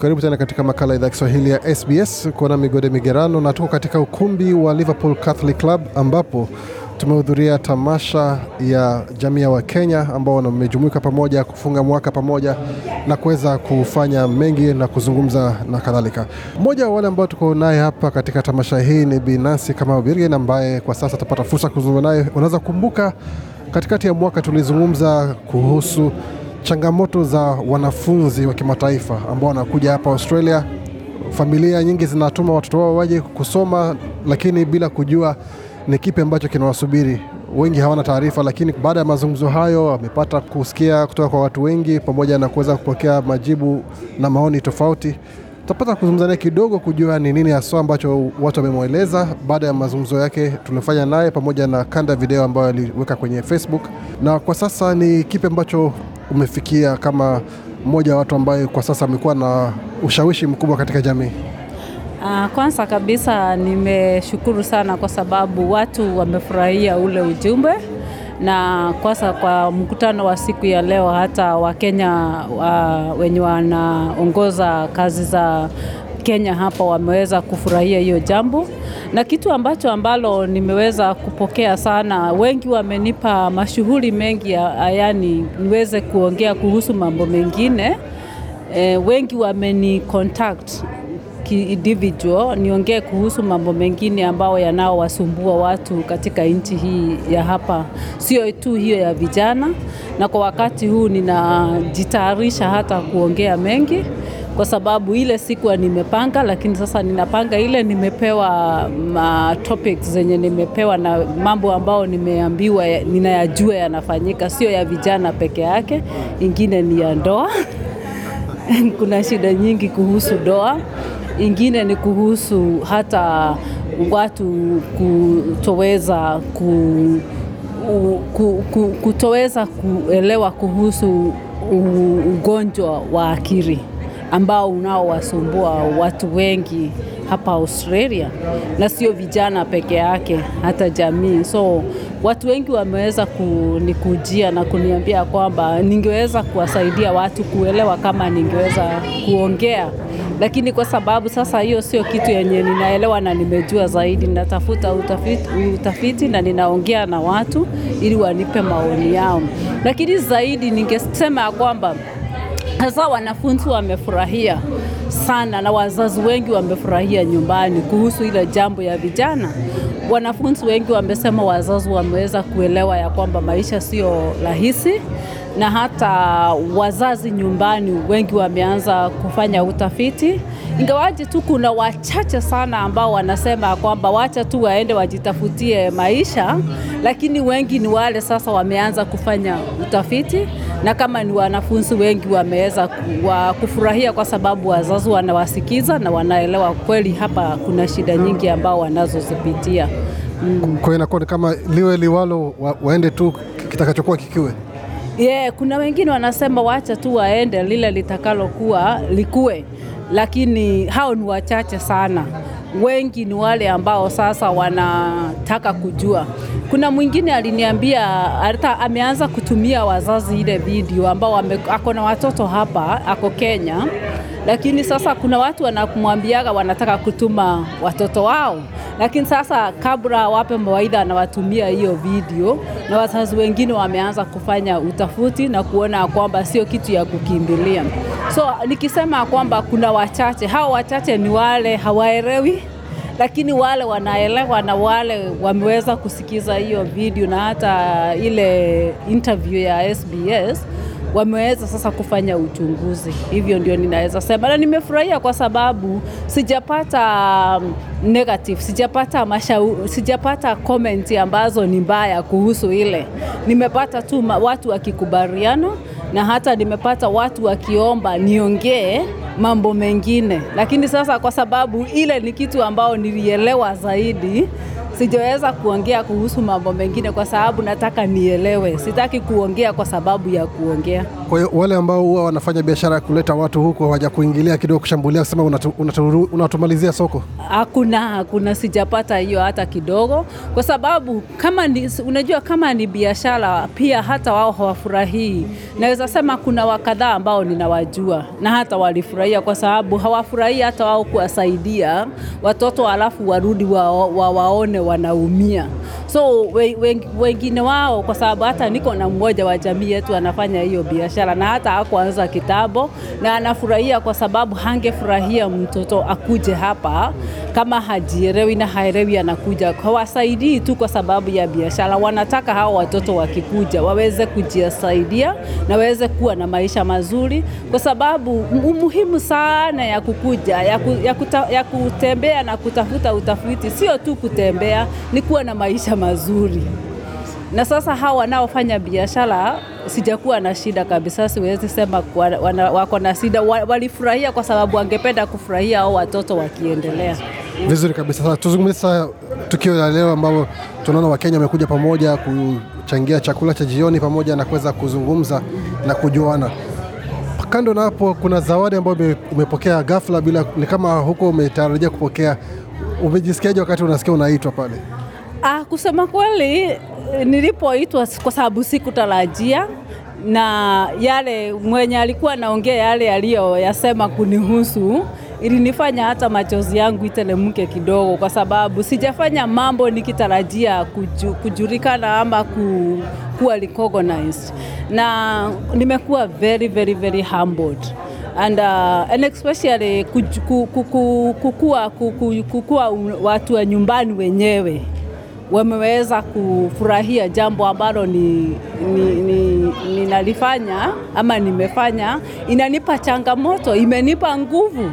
Karibu tena katika makala idhaa Kiswahili ya SBS. Kuona migode migerano, na tuko katika ukumbi wa Liverpool Catholic Club ambapo tumehudhuria tamasha ya jamii ya Wakenya ambao wamejumuika pamoja kufunga mwaka pamoja na kuweza kufanya mengi na kuzungumza na kadhalika. Mmoja wa wale ambao tuko naye hapa katika tamasha hii ni Binasi kama Birgen ambaye kwa sasa atapata fursa kuzungumza naye. Unaweza kumbuka katikati ya mwaka tulizungumza kuhusu changamoto za wanafunzi wa kimataifa ambao wanakuja hapa Australia. Familia nyingi zinatuma watoto wao waje kusoma, lakini bila kujua ni kipi ambacho kinawasubiri. Wengi hawana taarifa, lakini baada ya mazungumzo hayo wamepata kusikia kutoka kwa watu wengi, pamoja na kuweza kupokea majibu na maoni tofauti. Tutapata kuzungumza naye kidogo kujua ni nini haswa ambacho watu wamemweleza baada ya mazungumzo yake tuliofanya naye, pamoja na kanda video ambayo aliweka kwenye Facebook. Na kwa sasa ni kipi ambacho umefikia kama mmoja wa watu ambaye kwa sasa amekuwa na ushawishi mkubwa katika jamii? Ah, kwanza kabisa nimeshukuru sana kwa sababu watu wamefurahia ule ujumbe na kwanza kwa mkutano wa siku ya leo hata Wakenya uh, wenye wanaongoza kazi za Wakenya hapa wameweza kufurahia hiyo jambo, na kitu ambacho ambalo nimeweza kupokea sana, wengi wamenipa mashughuli mengi ya, yani niweze kuongea kuhusu mambo mengine e, wengi wameni contact individual niongee kuhusu mambo mengine ambayo yanaowasumbua watu katika nchi hii ya hapa, sio tu hiyo ya vijana. Na kwa wakati huu ninajitayarisha hata kuongea mengi kwa sababu ile sikuwa nimepanga, lakini sasa ninapanga ile nimepewa ma topics zenye nimepewa na mambo ambayo nimeambiwa ninayajua yanafanyika, sio ya vijana peke yake, ingine ni ya ndoa kuna shida nyingi kuhusu doa, ingine ni kuhusu hata watu kutoweza ku, ku, ku, kutoweza kuelewa kuhusu ugonjwa wa akili ambao unaowasumbua watu wengi hapa Australia, na sio vijana peke yake, hata jamii. So watu wengi wameweza kunikujia na kuniambia kwamba ningeweza kuwasaidia watu kuelewa kama ningeweza kuongea, lakini kwa sababu sasa hiyo sio kitu yenye ninaelewa na nimejua zaidi, natafuta utafiti, utafiti na ninaongea na watu ili wanipe maoni yao, lakini zaidi ningesema ya kwamba hasa wanafunzi wamefurahia sana na wazazi wengi wamefurahia nyumbani kuhusu ile jambo ya vijana. Wanafunzi wengi wamesema wazazi wameweza kuelewa ya kwamba maisha sio rahisi, na hata wazazi nyumbani wengi wameanza kufanya utafiti, ingawaje tu kuna wachache sana ambao wanasema kwamba wacha tu waende wajitafutie maisha, lakini wengi ni wale sasa wameanza kufanya utafiti na kama ni wanafunzi wengi wameweza kufurahia kwa sababu wazazi wanawasikiza na wanaelewa kweli hapa kuna shida nyingi ambao wanazozipitia. Mm. Kwa inakuwa kama liwe liwalo wa, waende tu kitakachokuwa kikiwe. Yeah, kuna wengine wanasema wacha tu waende lile litakalokuwa likuwe, lakini hao ni wachache sana wengi ni wale ambao sasa wanataka kujua. Kuna mwingine aliniambia hata ameanza kutumia wazazi ile video ambao ako na watoto hapa, ako Kenya lakini sasa kuna watu wanakumwambiaga wanataka kutuma watoto wao, lakini sasa kabla wape mawaidha, anawatumia hiyo video, na wazazi wengine wameanza kufanya utafuti na kuona kwamba sio kitu ya kukimbilia. So nikisema kwamba kuna wachache, hao wachache ni wale hawaelewi lakini wale wanaelewa na wale wameweza kusikiza hiyo video na hata ile interview ya SBS wameweza sasa kufanya uchunguzi. Hivyo ndio ninaweza sema, na nimefurahia kwa sababu sijapata um, negative, sijapata mashau, sijapata comment ambazo ni mbaya kuhusu ile. Nimepata tu watu wakikubaliana na hata nimepata watu wakiomba niongee mambo mengine, lakini sasa kwa sababu ile ni kitu ambao nilielewa zaidi sijaweza kuongea kuhusu mambo mengine kwa sababu nataka nielewe, sitaki kuongea kwa sababu ya kuongea. Kwa hiyo wale ambao huwa wanafanya biashara ya kuleta watu huku hawaja kuingilia kidogo, kushambulia kusema unatumalizia unatu, unatu soko? Hakuna, hakuna, sijapata hiyo hata kidogo, kwa sababu kama ni, unajua kama ni biashara pia hata wao hawafurahii. Naweza sema kuna wakadhaa ambao ninawajua na hata walifurahia, kwa sababu hawafurahii hata wao kuwasaidia watoto alafu warudi wa, wa, waone wanaumia. So wengine we, we wao, kwa sababu hata niko na mmoja wa jamii yetu anafanya hiyo biashara na hata akuanza kitabo na anafurahia kwa sababu hangefurahia mtoto akuje hapa kama hajielewi na haelewi anakuja, hawasaidii tu kwa sababu ya biashara. Wanataka hao watoto wakikuja waweze kujisaidia na waweze kuwa na maisha mazuri, kwa sababu umuhimu sana ya kukuja ya, ku, ya, kuta, ya kutembea na kutafuta utafiti, sio tu kutembea, ni kuwa na maisha mazuri na sasa hawa wanaofanya biashara sijakuwa na shida kabisa, siwezi sema wako na shida. Walifurahia kwa sababu wangependa kufurahia au watoto wakiendelea Vizuri kabisa. Sasa tuzungumze sasa tukio la leo ambapo tunaona Wakenya wamekuja pamoja kuchangia chakula cha jioni pamoja na kuweza kuzungumza na kujuana. Kando na hapo, kuna zawadi ambayo umepokea ghafla, bila ni kama huko umetarajia kupokea. Umejisikiaje wakati unasikia unaitwa pale? Ah, kusema kweli, nilipoitwa kwa sababu sikutarajia na yale mwenye alikuwa anaongea yale aliyoyasema kunihusu ilinifanya hata machozi yangu itelemke kidogo, kwa sababu sijafanya mambo nikitarajia kuju, kujulikana ama ku, kuwa recognized, na nimekuwa very very very humbled and, uh, and especially kukua, kukua watu wa nyumbani wenyewe wameweza kufurahia jambo ambalo ni, ni, ni, ninalifanya ama nimefanya. Inanipa changamoto, imenipa nguvu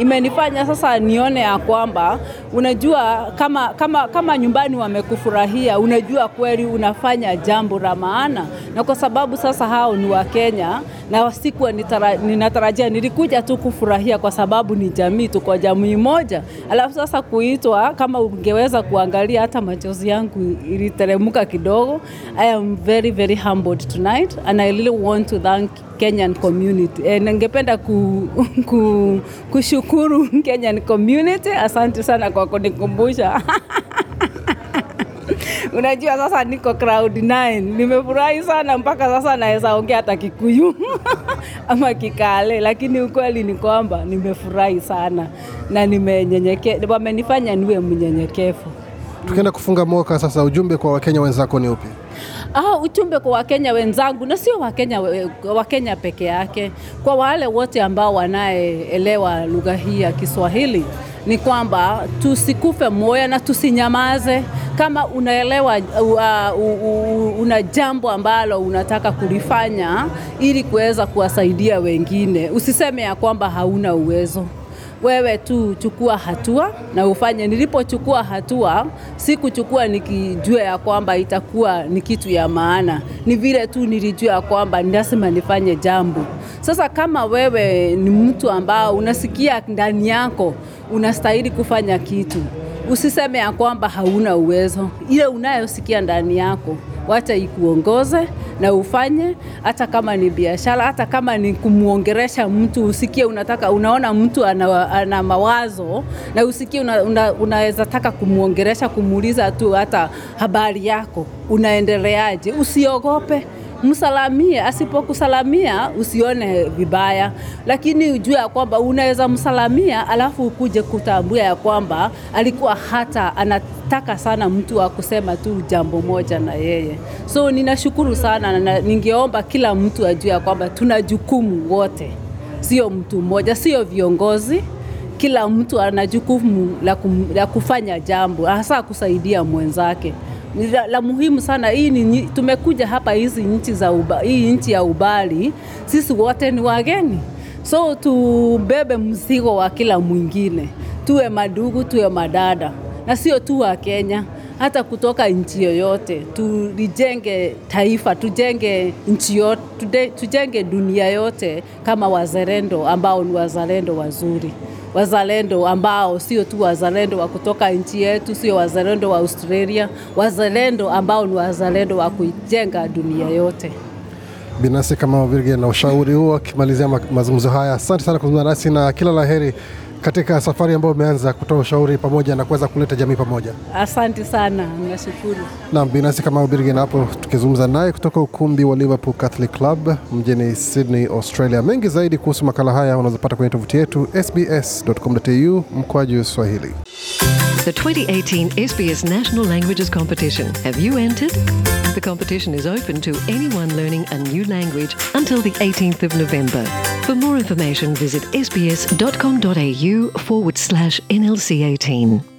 imenifanya sasa nione ya kwamba unajua kama, kama, kama nyumbani wamekufurahia, unajua kweli unafanya jambo la maana, na kwa sababu sasa hao ni Wakenya na nitara, ninatarajia. Nilikuja tu kufurahia kwa sababu ni jamii, tuko jamii moja. Alafu sasa kuitwa, kama ungeweza kuangalia, hata machozi yangu iliteremka kidogo. I am very very humbled tonight and I really want to thank Kenyan community. E, ningependa ku, ku, kushukuru Kenyan community. Asante sana kwa kunikumbusha Unajua sasa niko crowd 9. Nimefurahi sana mpaka sasa naweza ongea hata Kikuyu ama Kikale, lakini ukweli ni kwamba nimefurahi sana na nimenyenyekea, wamenifanya niwe mnyenyekevu. Tukienda kufunga mwaka sasa, ujumbe kwa wakenya wenzako ni upi? Ah, ujumbe kwa wakenya wenzangu na sio wakenya, wakenya peke yake, kwa wale wote ambao wanaeelewa lugha hii ya Kiswahili ni kwamba tusikufe moyo na tusinyamaze. Kama unaelewa uh, uh, uh, uh, una jambo ambalo unataka kulifanya ili kuweza kuwasaidia wengine, usiseme ya kwamba hauna uwezo wewe tu chukua hatua na ufanye. Nilipochukua hatua, sikuchukua nikijua ya kwamba itakuwa ni kitu ya maana, ni vile tu nilijua ya kwamba lazima nifanye jambo. Sasa kama wewe ni mtu ambao unasikia ndani yako unastahili kufanya kitu, usiseme ya kwamba hauna uwezo. Ile unayosikia ndani yako wacha ikuongoze na ufanye, hata kama ni biashara, hata kama ni kumwongeresha mtu, usikie unataka, unaona mtu ana, ana mawazo na usikie una, una, unaweza taka kumwongeresha, kumuuliza tu hata habari yako, unaendeleaje, usiogope msalamie. Asipokusalamia usione vibaya, lakini ujue ya kwamba unaweza msalamia, alafu ukuje kutambua ya kwamba alikuwa hata anataka sana mtu wa kusema tu jambo moja na yeye. So ninashukuru sana na ningeomba kila mtu ajue ya kwamba tuna jukumu wote, sio mtu mmoja, sio viongozi kila mtu ana jukumu la kufanya jambo, hasa kusaidia mwenzake ni la, la muhimu sana. Hii ni tumekuja hapa hizi nchi za uba, hii nchi ya ubali, sisi wote ni wageni, so tubebe mzigo wa kila mwingine, tuwe madugu, tuwe madada na sio tu wa Kenya, hata kutoka nchi yoyote. Tulijenge taifa, tujenge nchi yote, tujenge dunia yote kama wazalendo ambao ni wazalendo wazuri wazalendo ambao sio tu wazalendo wa kutoka nchi yetu, sio wazalendo wa Australia, wazalendo ambao ni wazalendo wa kuijenga dunia yote. Binafsi kama Virgil na ushauri huo akimalizia mazungumzo haya. Asante sana kuzungumza nasi na kila la heri katika safari ambayo umeanza kutoa ushauri pamoja na kuweza kuleta jamii pamoja. Asante sana, nashukuru. Naam, Binasi kama Birgen hapo tukizungumza naye kutoka ukumbi wa Liverpool Catholic Club mjini Sydney, Australia. Mengi zaidi kuhusu makala haya unazopata kwenye tovuti yetu sbs.com.au mkwaju Swahili. the 2018 SBS National Languages Competition. Have you entered? The competition is open to anyone learning a new language until the 18th of November. For more information, visit sbs.com.au forward slash NLC 18.